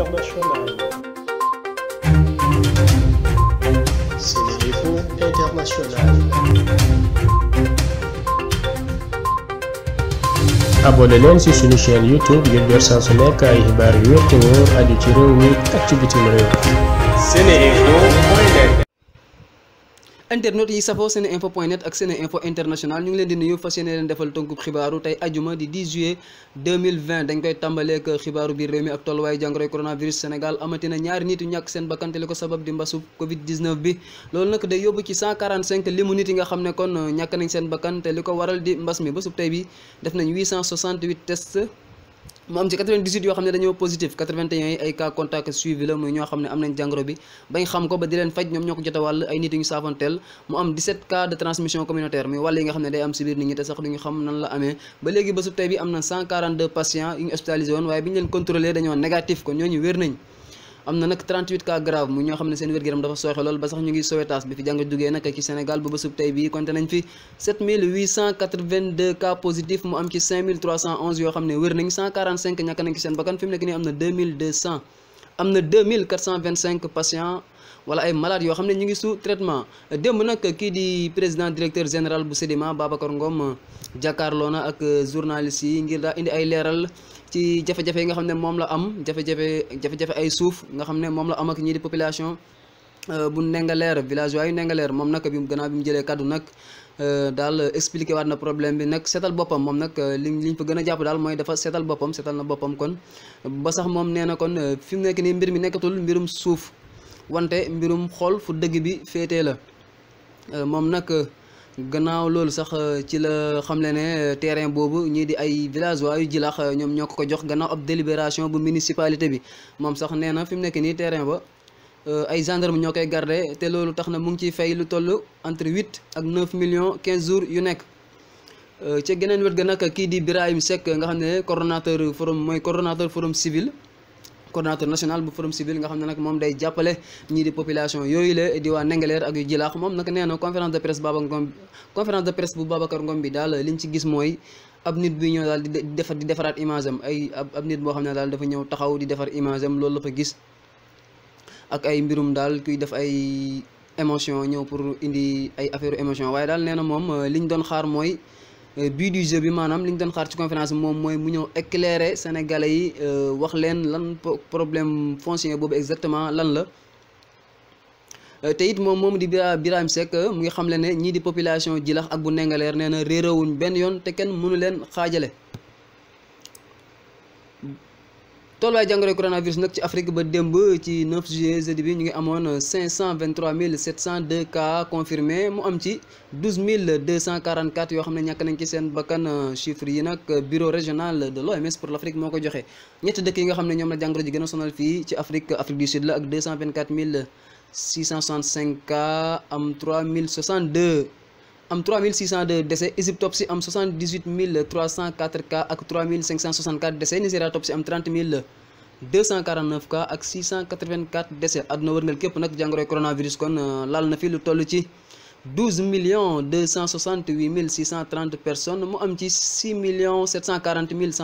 internationale. Sénéinfo International. abonné leen ci suñu chaîne YouTube ngir jot saa su nekk ay xibaar yu wér te internet yi safoo sene info point net ak sene info international ñu ngi leen di nuyu fas yéene leen defal tënkub xibaaru tey ajuma di 10 dañ koy tàmbaleek xibaaru biir réew mi ak tolluwaay jàngoroy coronavirus Sénégal amatina ñaari nit yu ñàkk seen bakkante li ko sabab di mbasu covid bi loolu nag day yóbbu ci limu nit yi nga xam ne kon ñàkk nañ seen bakkante li ko waral di mbas mi ba sub tey bi def nañ tests mu am ci 98 yoo xam ne dañoo positif 81 yi ay cas contact suivi la muy ñoo xam ne am nañ jàngoro bi bañ xam ko ba di leen faj ñoom ñoo ko jot a ay nit ñu saafanteel mu am 17 cas de transmission communautaire muy wàll yi nga xam ne day am si biir nit ñi te sax duñu xam nan la amee ba léegi ba su bi am na 142 patients yu ñu hospitalisé woon waaye bi ñu leen contrôlé dañoo négatif kon ñooñu am na nag 38 cas grave mu ñoo xam ne seen wér-gu-yaram dafa sooxe lool ba sax ñu ngi Sowétas bi fi jàng duggee nag ci Sénégal ba bésub tey bii konte nañ fi 7882 cas positif mu am ci yoo xam ne wér nañ 145 ñàkk nañ ci seen fi mu nekk nii am na 2200 am na 2425 patients wala ay malades yoo xam ne ñu ngi sous traitement démb nag kii di président directeur général bu Sedima Babacar ngoom jàkkaarloo na ak journaliste yi ngir daal indi ay leeral ci jafe-jafe yi nga xam ne moom la am jafe-jafe jafe-jafe ay suuf nga xam ne moom la am ak ñii di population. Euh, bu Ndingler village waayu Ndingler moom nag bi mu gannaaw bi mu jëlee kaddu nag euh, daal expliqué waat na problème bi nag seetal boppam moom nag li li ñu fa gën a jàpp daal mooy dafa seetal boppam seetal na boppam kon ba sax moom nee na kon euh, fi mu nekk nii mbir mi nekkatul mbirum suuf wante mbirum xool fu dëgg bi féetee la moom nag gannaaw loolu sax ci la xamle ne terrain boobu ñii di ay village yu jilax ñoom ñoo ko ko jox gannaaw ab délibération bu municipalité bi moom sax nee na fi mu nekk nii terrain ba Euh, ay gendarme ñoo koy garde te loolu tax na mu ngi ciy fay lu toll entre huit ak neuf millions quinze jours yu nekk euh, ci geneen wet ga nag kii di Birahim Seck nga xam ne coordonnateur forum mooy coordonnateur forum civil coordonnateur national bu forum civil nga xam ne nag moom day jàppale ñii di population yooyu la di waa Ndingler ak yu jilaax moom nag nee na conférence de presse Babacar Ngom conférence de presse bu Babacar Ngom bi daal liñ ci gis mooy ab nit bi ñëw daal di defar di defaraat image am ay ab boo xam ne daal dafa ñëw taxaw di defar image am loolu la fa gis ak ay mbirum daal kuy def ay émotion ñëw pour indi ay affaire émotion waaye daal nee na moom euh, liñ doon xaar mooy euh, but du jeu bi maanaam liñ doon xaar ci conférence moom mooy mu ñëw éclairer sénégalais yi euh, wax leen lan po problème foncier boobu exactement lan la te it moom moom di bira Birahim Seck mu ngi xam le ne ñii di population Djilakh ak bu Ndingler nee na réerawuñ benn yoon te kenn mënu leen xaajale tooluwaay jàngoro coronavirus nag ci Afrique ba démb ci 9 juillet jeudi bi ñu ngi amoon 523 702 cas confirmés mu am ci 12 244 yoo xam ne ñàkk nañ ci seen bakkan chiffre yi nag bureau régional de l'OMS pour l'Afrique moo ko joxe ñetti dëkk yi nga xam ne ñoom la jàngoro ji gën a sonal fii ci Afrique Afrique du Sud la ak 224 665 cas am mille 3062 am 3600 de décès Égypte topp si am 78304 cas ak 3564 décès Nigéria topp si am 30 249 cas ak 684 décès àdduna wërngal képp nag jàngoroy coronavirus kon euh, laal na fi lu toll ci 12 millions 268 mille 630 personnes mu am ci 6 millions 740 mille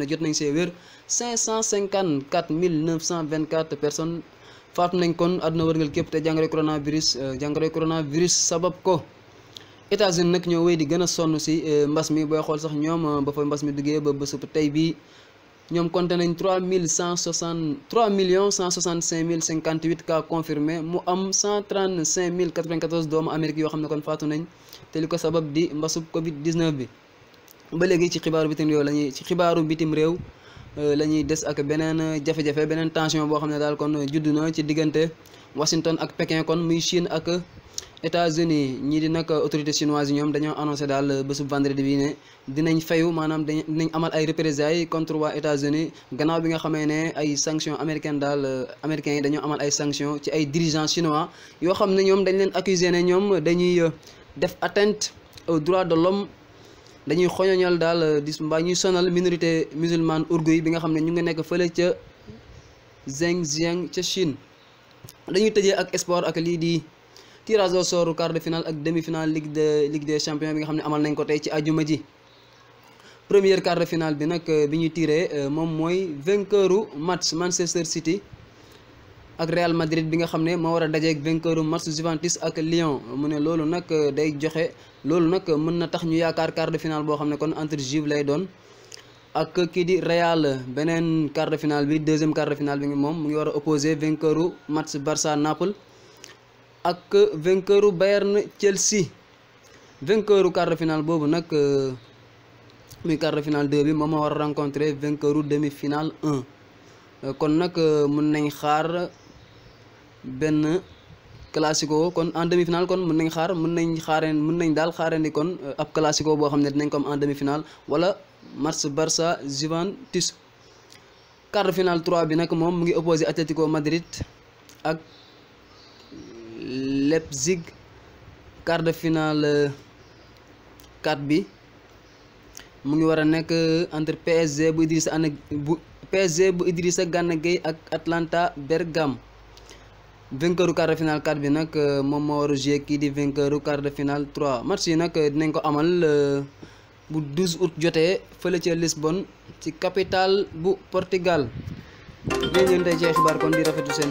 ne jot nañ see wér 554 mille 924 personnes faatu nañ kon àdduna wërngal képp te jàngoroy coronavirus euh, jàngoroy coronavirus sabab ko. États-Unis nag ñoo wéy di gën sonn si euh, mbas mi booy xool sax ñoom euh, ba fa mbas mi duggee ba bés tey bii ñoom compté nañ trois mille cent soixante trois millions cent soixante cinq mille mu am cent trente cinq mille quatre vingt quatorze doomu Amérique yoo xam ne kon faatu nañ te li ko sabab di mbasub Covid 19 bi. ba léegi ci xibaaru bitim réew lañuy euh, la ñuy des ak beneen jafe-jafe beneen tension boo xam ne daal kon judd na ci diggante Washington ak Pékin kon muy Chine ak. États-Unis ñii di nag autorité chinoise yi ñoom dañoo annoncé daal bésub vendredi bi ne dinañ fayu maanaam dinañ amal ay représailles contre waa États-Unis gannaaw bi nga xamee ne ay sanctions américaines daal euh, américains yi dañoo amal ay sanctions ci ay dirigeants chinois yoo xam ne ñoom dañu leen accuser ne ñoom dañuy euh, def atteinte aux droits de l'homme dañuy xoñoñal daal euh, dis mbaa ñuy sonal minorité musulmane ouïghour bi nga xam ne ñu ngi nekk fële ca Xinjiang ca Chine dañuy tëjee ak sport ak lii di tirage au sort quart de finale ak demi-finale Ligue de Ligue des champions bi nga xam ne amal nañ ko tey ci àjjuma ji première quart de finale bi nag bi ñu tiré euh, moom mooy vainqueuru match Manchester City ak Real Madrid bi nga xam ne moo war a dajeeg vainqueuru match Juventus ak Lyon mu ne loolu nag euh, day joxe loolu nag euh, mën na tax ñu yaakaar quart de finale boo xam ne kon entre Juve lay doon ak kii di Real beneen quart de finale bi deuxième quart de finale bi moom mu ngi war a opposé vainqueuru match Barça Naples ak vainqueur u Bayern Chelsea vainqueur u quart de finale boobu nag euh, muy quart de finale moom moo war a rencontré vainqueur demi finale 1 euh, kon nag euh, mën nañ xaar benn classico kon en demi finale kon mun nañ xaar mën nañ xaareen mën nañ daal xaareen di kon ab classico boo xam ne dinañ ko am en demi final wala match Barça Juventus quart de finale 3 bi nag moom mu ngi opposé Atlético Madrid ak Leipzig quart de finale kat bi mu ngi war a nekk entre PSG bu Idrissa Ana bu PSG bu Idrissa Gana Gueye ak Atlanta Bergame vainqueur quart de finale 4 bi nag euh, moom moo war a kii di vainqueur quart de final 3 match yi nag euh, dinañ ko amal euh, bu 12 août jotee fële ca Lisbonne ci capitale bu Portugal léeg-léeg rafetu seen